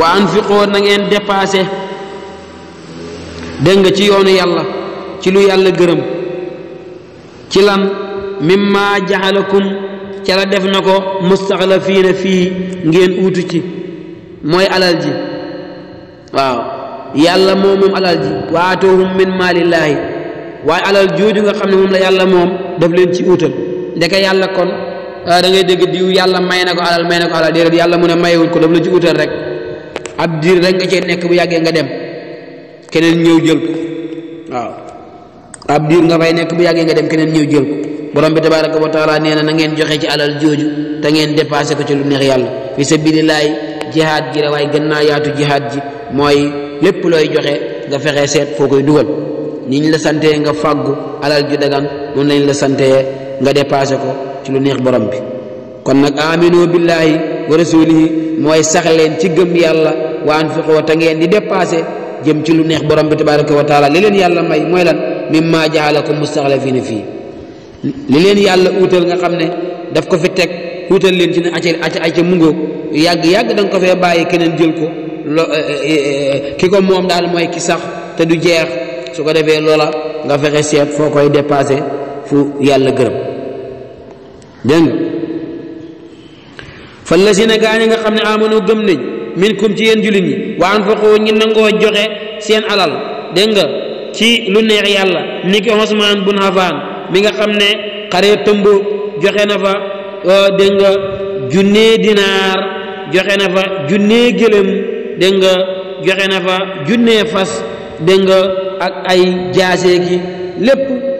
wa anfiqoo na ngeen dépassé dégg nga ci yoonu yàlla ci lu yàlla gërëm ci lan mimma jaxalakum ca la def na ko mustaxlafiina fii ngeen wutu ci mooy alal ji waaw yàlla moom moom alal ji waatoohum min maalillaahi waaye alal jooju nga xam ne moom la yàlla moom daf leen ci uutal ndeke yàlla kon ah, da ngay dégg diw yàlla may na ko alal may na ko alal déedéet yàlla mu ne mayewul ko daf la ci uutal rek ab diir rek nga cee nekk bu yàggee nga dem keneen ñëw jël waaw ab diir nga fay nekk bu yàggee nga dem keneen ñëw jël ko borom bi tabaraka wa taala nee na na ngeen joxe ci alal jooju te ngeen dépassé ko ci lu neex yàlla fi sabilillahi jihaad gi waaye gën naa yaatu jihaad ji mooy lépp looy joxe nga fexe seet foo koy dugal ni ñu la santee nga fàggu alal ji dagan noonu lañ la santee nga dépassé ko ci lu neex borom bi kon nag aminu billahi wa lii mooy sax leen ci gëm yàlla wa anfiqoo te ngeen di dépassé jëm ci lu neex borom bi tabaraka wa taala li leen yàlla may mooy lan ko mu mustaxlafina fii li leen yàlla uutal nga xam ne daf ko fi teg uutal leen ci ne aca aca aca mu ngóog yàgg-yàgg da nga ko fee bàyyi keneen jël ko lo eh, eh, eh, ki ko moom daal mooy ki sax te du jeex su ko defee loola nga fexe seet foo koy dépassé fu yàlla gërëm dégg fa lazina gaa ñi nga xam ne amanu gëm nañ minkum ci yéen jullit ñi wa anfaqu ñi nangoo joxe seen alal dégg nga ci lu neex yàlla ni ki Usmaan bun mi nga xam ne xare tëmb joxe na fa euh, dégg nga dinaar joxe na fa junnee gëlëm dégg nga joxe na fa junnee fas dégg nga ak ay jaasee gi lépp